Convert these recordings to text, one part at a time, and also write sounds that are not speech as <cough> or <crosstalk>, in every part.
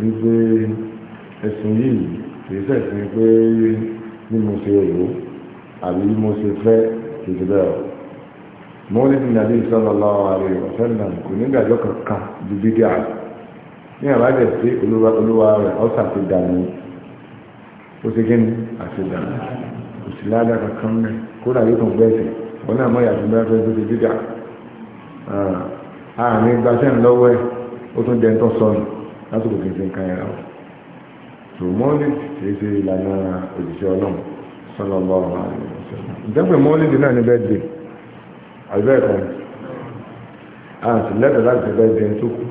wípé ẹ̀sìn yìí kìí sẹ̀sìn pé bí mo ṣe rò àbí bí mo ṣe fẹ́ kìí ṣe bẹ́ẹ̀ o mọ́lẹ́dì nàbí sallallahu alaihi wa sallam kò ní ìgbàjọ́ kankan ju bídí àrùn ní àbájẹ̀ sí olúwa rẹ̀ ọ́sà ti dànù ó ti gẹ́ni àti dànù kò sí ládà kankan mẹ́ kódà yóò kàn gbẹ́sẹ̀ wọn náà mọ́yà tó bẹ́ẹ̀ tó ti bídí àrùn àárín gbàṣẹ́ ńlọ́wọ́ ẹ̀ ó tún dẹ́ntọ́ sọnù lásìkò kí n fi ń kan ẹ̀rọ tó mọ́lìd kìí ṣe ìlànà òṣìṣẹ́ ọlọ́run sọ́nà ọlọ́run àrùn ìṣẹ́lẹ̀ ìjẹ́pẹ̀ mọ́lìd náà ní bẹ́ẹ̀dẹ̀ àbẹ́ ẹ̀kọ́ àti lẹ́tọ̀ láti ṣe bẹ́ẹ̀dẹ̀ tó kù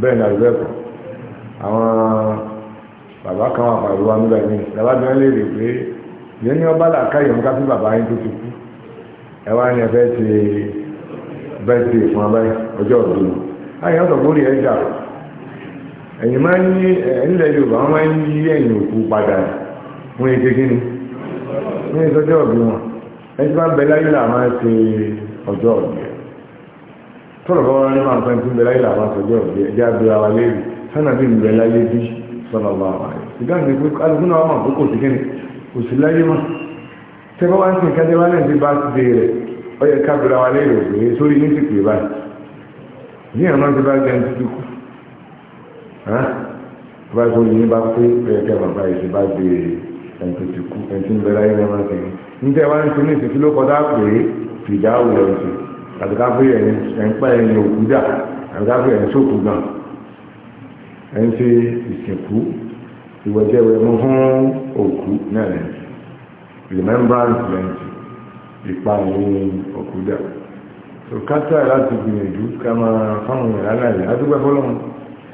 bẹ́ẹ̀ ni àbẹ́ ẹ̀kọ́ àwọn bàbá kan wà pàdé wa nígbà yìí bàbá bí wọ́n lè rè pé yẹn ní ọba làkàyè mú ká fún bàbá yín tó ti kú ẹ wá ní ẹfẹ́ ti bẹ́ẹ̀dẹ̀ fún abáyé ọjọ́ ọ̀dọ́ ẹ̀yìn ma ń yí ilẹ̀ yorùbá wọ́n máa ń yí ẹ̀yìn òkú padà fún ètè kíni ní ìtọ́jọ́ ọ̀bí wọn ẹni bá ń bẹ láyé là ọjọ́ ọ̀bí ẹ̀ tọ́lọ̀ bá wọn ní máa ń pẹ́ tí ọjọ́ ọ̀bí ẹ̀ wà alùpùpù náà kò bá tó yìí bá pé kẹ̀kẹ́ bàbá ìṣe bá béèrè ẹ̀ǹtò ti kú ẹ̀ǹtì ń bẹ láyé ní ọmọ tẹ̀yìn ní tẹ́ wá ń sin ní ìsìnkú ló kọjá pé fìdá òwúrọ̀ ìṣe àtìká fún ẹ̀yìn ẹ̀ǹpá ẹ̀yìn òkú dà àtìká fún ẹ̀yìn sókù gan ẹ̀ǹtì ìsìnkú ìwẹ̀jẹ̀wẹ̀ mú fún òkú náà lẹ́ǹtì remembrance lẹ́ǹtì ìpààyàn òkú dà so kátà láti gbìyànjú ká máa fáwọn ìyàrá náà yà á dúpẹ́ fọlọ́run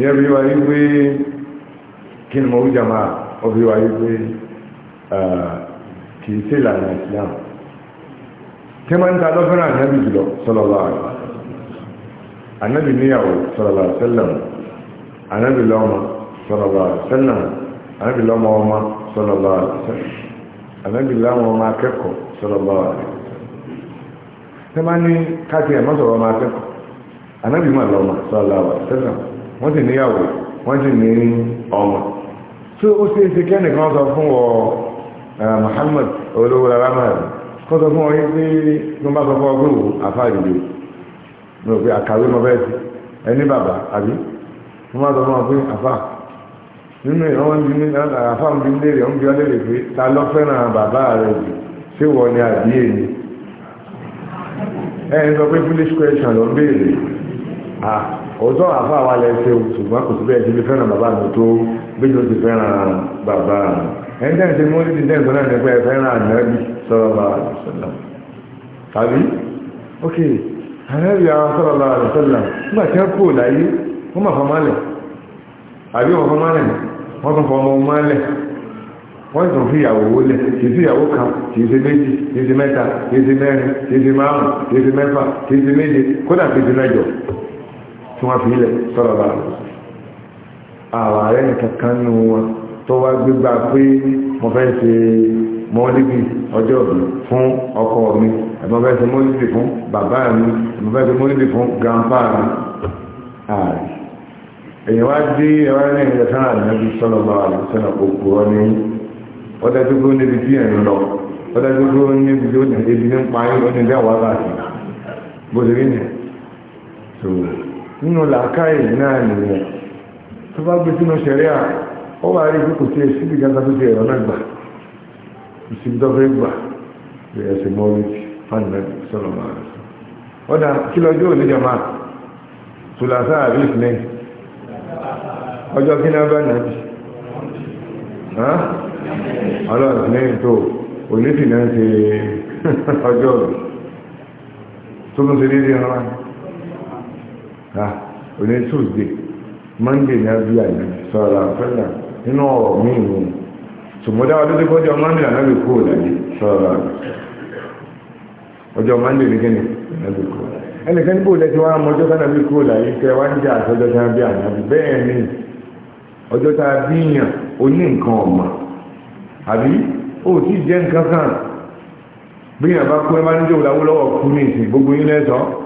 ìyẹ́ bí wáyé pé kí ni mo ń jàmá ọbí wáyé pé kì í sí ìlànà Islam tí wọ́n ń ta lọ́fẹ́ràn ànábì jùlọ sọ́lọ́lá àgbà ànábì níyàwó sọ́lọ́lá sẹ́lẹ̀m ànábì lọ́mọ sọ́lọ́lá sẹ́lẹ̀m ànábì lọ́mọ ọmọ sọ́lọ́lá sẹ́lẹ̀m ànábì láwọn ọmọ akẹ́kọ̀ọ́ sọ́lọ́lá àgbà tí wọ́n ní káàkiri ẹ̀mọ́sọ̀rọ̀ ọmọ akẹ́kọ̀ọ́ ànábì mọ̀ lọ́mọ sọ́lọ́lá sẹ́lẹ̀m wọ́n sì níyàwó wọ́n sì ní ọmọ tó ó ṣe é ṣe kẹ́ni kan sọ fún ọ ah, Muhammad olówó rárá máa rẹ̀ kọ́ sọ fún ọ yín pé tó bá sọ fún ọgbọ́n wò àfáàdìdì mi ò pé àkàwé mọ bẹ́ẹ̀ sí ẹni bàbá àbí wọ́n bá sọ fún ọ pé àfà nínú ìwọ́n bí ní àfà ń bí ń léèrè ń bí ọ léèrè pé ta lọ fẹ́ràn bàbá rẹ̀ jù ṣé wọ ni àbí èmi ẹ̀ ń sọ pé foolish question ló ń béèrè ah òótọ́ àfa àwa lẹ ṣe ṣùgbọ́n kò sí bẹ́ẹ̀ ṣe fi fẹ́ràn bàbá mi tó bí yóò ti fẹ́ràn bàbá mi ẹni tẹ́ mú ní ti náà nípa ẹ fẹ́ràn ànábì sọ̀rọ̀ ok ànábì àwọn sọ̀rọ̀ bá nígbà tí wọ́n kú láyé wọ́n máa fọmọ́ lẹ̀ àbí wọ́n fọmọ́ lẹ̀ wọ́n tún fọmọ́ ọmọ lẹ̀ wọ́n tún fi ìyàwó lẹ̀ kì í sí ìyàwó kan kì í sí méjì kì í sí mẹ́ta kì í sí mẹ́rin tí wọ́n fi ilẹ̀ sọ̀rọ̀ lára àwọn ààrẹ nìkan kan nù wọn tó wá gbégbá pé mo fẹ́ ṣe mọ́líbì ọjọ́ òbí fún ọkọ mi mo fẹ́ ṣe mọ́líbì fún bàbá mi mo fẹ́ ṣe mọ́líbì fún grandpa mi ààrẹ èyí wá dé ẹwà ní ilẹ̀ sára ànábi sọ̀rọ̀ lára sọ̀rọ̀ òkú ọ ní ọdẹ tó gbó níbi tí ẹ̀ ń lọ ọdẹ tó gbó níbi tí ó ní ebi ní ń pa ẹ̀ ó ní àwọn àgbà bó ṣe rí nìyẹn nínú làákàyè náà nìyẹn tó bá gbé sínú ṣẹ̀rí à ó wà rí kò tí èsì bí gàdá tó ti ẹ̀rọ náà gbà ìsìnkú tó fẹ́ gbà bí ẹsẹ̀ mọ́lì fánilẹ́ sọ̀rọ̀ máa rẹ̀ sọ. ọ̀dà kí lọ́jọ́ òní jọ máa tùlàsá àbí ìfìlẹ̀ ọjọ́ kí náà bá nàbì ọlọ́run ní tó òní sì náà ṣe <laughs> ọjọ́ òní tó tún ṣe déédéé ọlọ́run òní tuesday monday ní abúlé àyè sọ̀rọ̀ àfẹ́lá nínú ọ̀rọ̀ míì nù ṣùgbọ́n dáwọ́ dúdú kọjọ monday ànábì kú òlàyé sọ̀rọ̀ ọjọ́ monday ní kíni ànábì kú ẹnìkan níbo lẹ́tí wá mọ́jọ́ kánábì kú òlàyé kẹ wá ń jà àtọ́jọ́ tá a bí ànábì bẹ́ẹ̀ ni ọjọ́ tá a bí yàn ó ní nǹkan ọ̀mà àbí ó ti jẹ́ nǹkan kan bí yàn bá kú ẹ bá níjọ́ òlàwọ́ lọ́wọ́ kú ní ìsìn gbogbo yín lẹ́sọ̀ọ́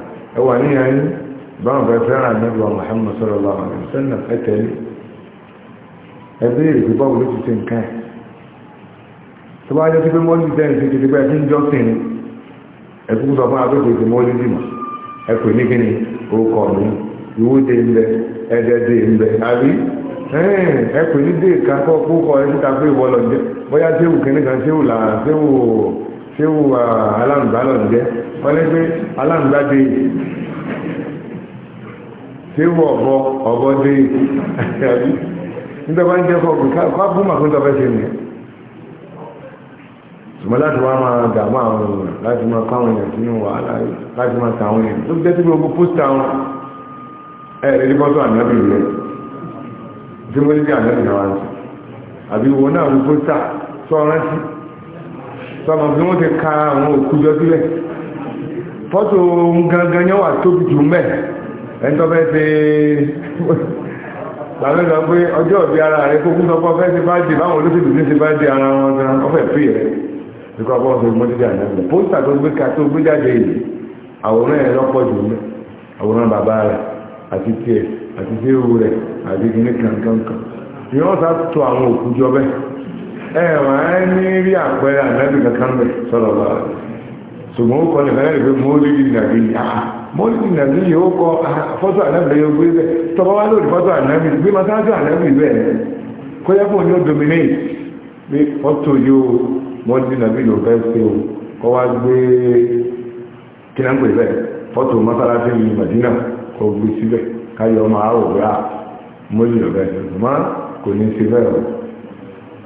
ẹwà ní ayé báwọn bẹ fẹ́ràn àdébọ̀ Muhammad sallallahu alaihi wasallam ẹ tẹ̀lé ẹ béèrè pé báwo ló ti ṣe nǹkan ẹ̀ tó bá jẹ́ sí pé mọ́lì tẹ́lẹ̀ sí kìtìpẹ́ ẹ̀ tí ń jọ́sìn ní ẹ̀kú sọ fún agbègbè tí mọ́lì dì mọ̀ ẹ pè ní kíni orúkọ mi ìwúde ń bẹ ẹ̀dẹ̀dẹ̀ ṣé ó wà aláǹgbá lọ jẹ́ pé aláǹgbá dé ṣé ó ọ̀bọ ọ̀bọ dé nítorí wọ́n jẹ́ fọ́ọ̀kù ká bú màkú tó fẹ́ ṣe nìyẹn ṣùgbọ́n láti wá máa dààmú àwọn ma láti máa kọ́ àwọn èèyàn sínú wàhálà láti máa ta àwọn èèyàn tó jẹ́ pósítà wọn ẹ̀rẹ́ ní bọ́tọ̀ rẹ̀ tí mo ní sọmọ bí wọ́n ti ka àwọn òkú jọ sílẹ̀ fọ́tò gangan yẹn wà tóbi jù mẹ́ ẹni tó fẹ́ ṣe làwọn ìlànà pé ọjọ́ ìbí ara rẹ kó kún sọpọ́ fẹ́ ṣe bá dé báwọn olóṣèlú ní ṣe bá dé ara wọn gan ọfẹ́ pè rẹ nípa bọ́ ọ̀sẹ̀ mọ́tẹ́jà náà pósítà tó gbé ka tó gbé jáde yìí àwòrán ẹ̀ lọ́pọ̀ jù mẹ́ àwòrán bàbá rẹ̀ àti tiẹ̀ àti tí ewu rẹ̀ àti kìnnìkan ẹ̀wọ̀n á ní rí àpẹẹrẹ ànábì kankan bẹ̀ ṣùgbọ́n ó kọ nìkan lẹ́yìn pé mọ́lìdì nàbí ah, mọ́lìdì nàbí yóò kọ ah, fọ́tò ànábì yóò gbé bẹ́ẹ̀ tọba wá lórí fọ́tò ànábì gbé masájú ànábì bẹ́ẹ̀ kọjá fún yóò dominate fọ́tò yóò mọ́lìdì nàbí ló fẹ́ ṣe o kọ́ wá gbé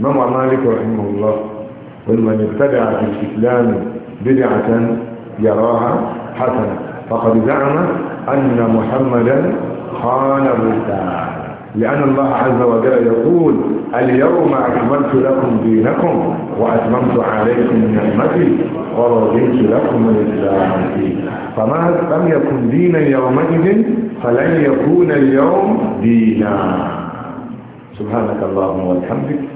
مام مالك رحمه الله من ابتدع في الإسلام بدعة يراها حسنة فقد زعم أن محمدا خان الرسالة لأن الله عز وجل يقول اليوم أكملت لكم دينكم وأتممت عليكم نعمتي ورضيت لكم الإسلام دينا فما لم يكن دينا يومئذ فلن يكون اليوم دينا سبحانك اللهم وبحمدك